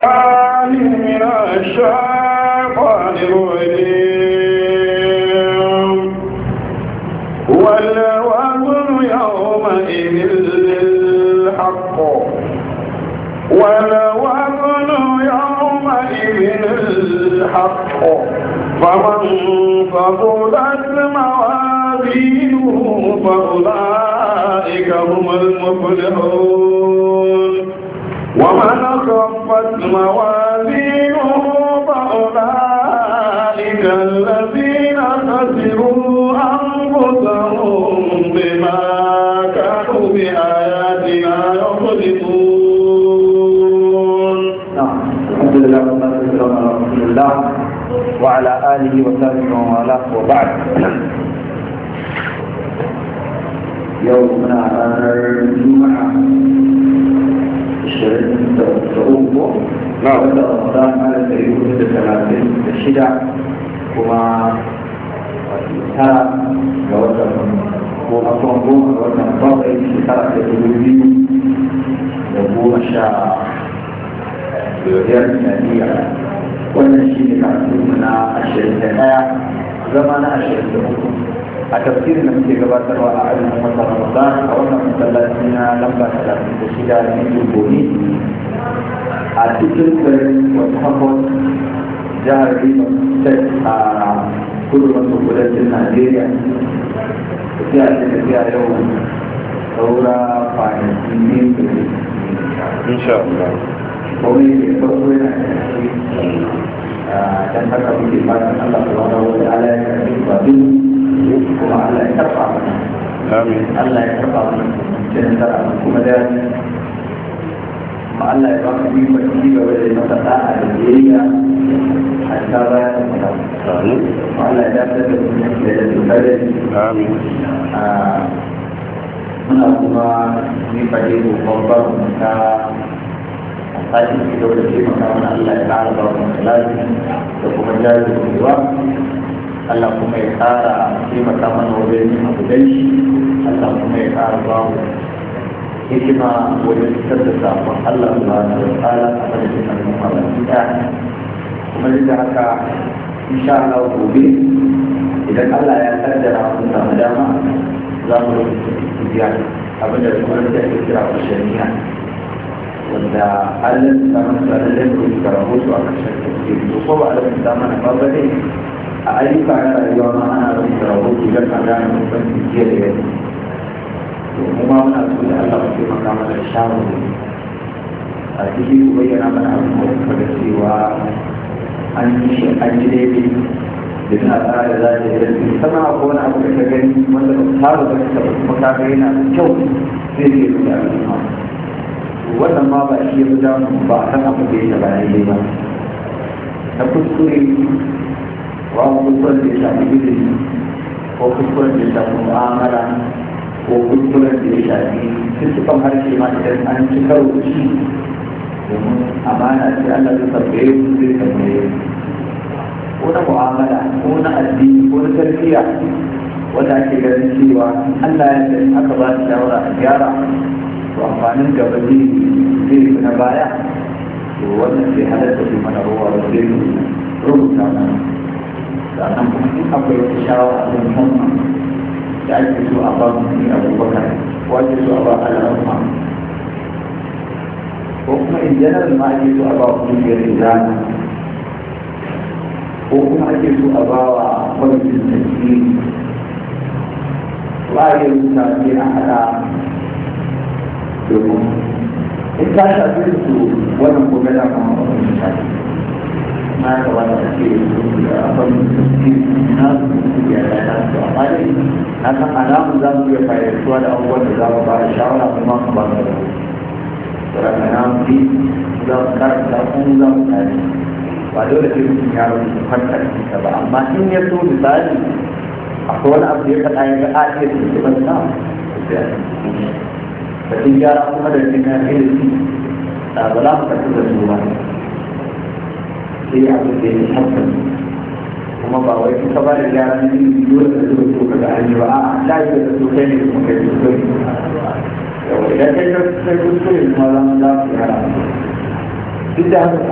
من الشيطان الرجيم والوزن فمن فضلت موازينه فأولئك هم المفلحون ومن خفت موازينه فأولئك الذين خسروا أنفسهم بما كانوا بآياتنا يظلمون نعم. الحمد لله والصلاة والسلام على رسول الله وعلى آله وصحبه ومن والاه وبعد يومنا الجمعة ashirin da uku na da talatin da shida kuma tara ga watan goma kuma goma ga watan bakwai shekara a da wannan shi ne kafin na ashirin da ɗaya zama na ashirin da uku a tafsirin da muke gabatarwa a azumin wata ramadan a wannan masallaci na lamba talatin da shida na yankin goni a cikin garin wata hakon jihar rivers state a kudu maso kudancin najeriya tafiya ce tafiya yau saura kwanaki ne insha Allah kuma ne farko yana da shi dan haka muke fatan Allah subhanahu wa ta'ala ya karbi kuma Allah ya karfa amin Allah ya karfa mana cikin da kuma da ma Allah ya ba ku yi mutunci ga wajen masa da'a da biyayya hatta bayan da amin kuma Allah ya dace da mutunci da tsare amin muna kuma yi fadi ko babbar ta sake ci gaba da taimaka mana Allah ya ƙara ba mu da kuma jajircewa Allah kuma ya ƙara taimaka mana wajen yin abu dai a samu mai kara ba mu hikima wajen fitar da saƙon Allah subhanahu da tsara a ƙarshen al'umma ba kuma duk da haka insha Allah gobe idan Allah ya kaddara mun samu dama za mu yi tafiya abin da kuma da ke kira ku shari'a wanda Allah ya samu da lalle ku karamu su a ƙarshen tafsiri ko ba Allah ya samu na ba ne a ayyuka na rayuwa ma ana rubuta rahoto don a gane mutum jiya da yau to kuma muna so da Allah ke maka mana shawarwari a cikin ku bayyana mana abubuwan da cewa an yi shi an yi daidai da suna tsara da za ta yi daidai musamman a kowane abu da ka gani wanda ba ta ba ta ba kuma ka ga yana da kyau zai ke da al'umma wannan ma ba shi ya fi damu ba a san abu da ya ba daidai ba na kuskure babu kuskuren da ya shafi ilimi ko kuskuren da ya shafi mu'amala ko kuskuren da ya shafi cikin harshe ma idan an ci karo shi domin amana ce Allah zai tambaye su zai tambaye ko na mu'amala ko na addini ko na tarbiyya wanda ake ganin cewa Allah ya ce aka ba su shawara a gyara to amfanin gaba zai zai na baya to wannan sai halatta su mana ruwa zai rubuta mana sannan kuma akwai wata shawara da musamman da ake so a ba mutum abubakar ko ake so a ba ko kuma in general ma ake so a ba kungiyar izana ko kuma ake so a ba wa kwamitin ba a a ما تولى فيه أقل الناس haka alamun za mu iya fayyarsuwa da abubuwan da za mu ba da shawara kuma mu ba da saboda na fi za mu karanta kuma za mu tare ba dole sai mutum ya rubuta kwanta da ba amma in ya so misali akwai wani abu da ya faɗa ya ga a iya su ban sa da sun gyara kuma da cikin ilimi ba za mu karɓi da su ba sai ya abin da ya hakan kuma ba wai in ka ba da gyara ne dole ka zuba so ka yi ba a ta yi da so kai ne kuma kai kuskure idan kai ka kai kuma za za duk da haka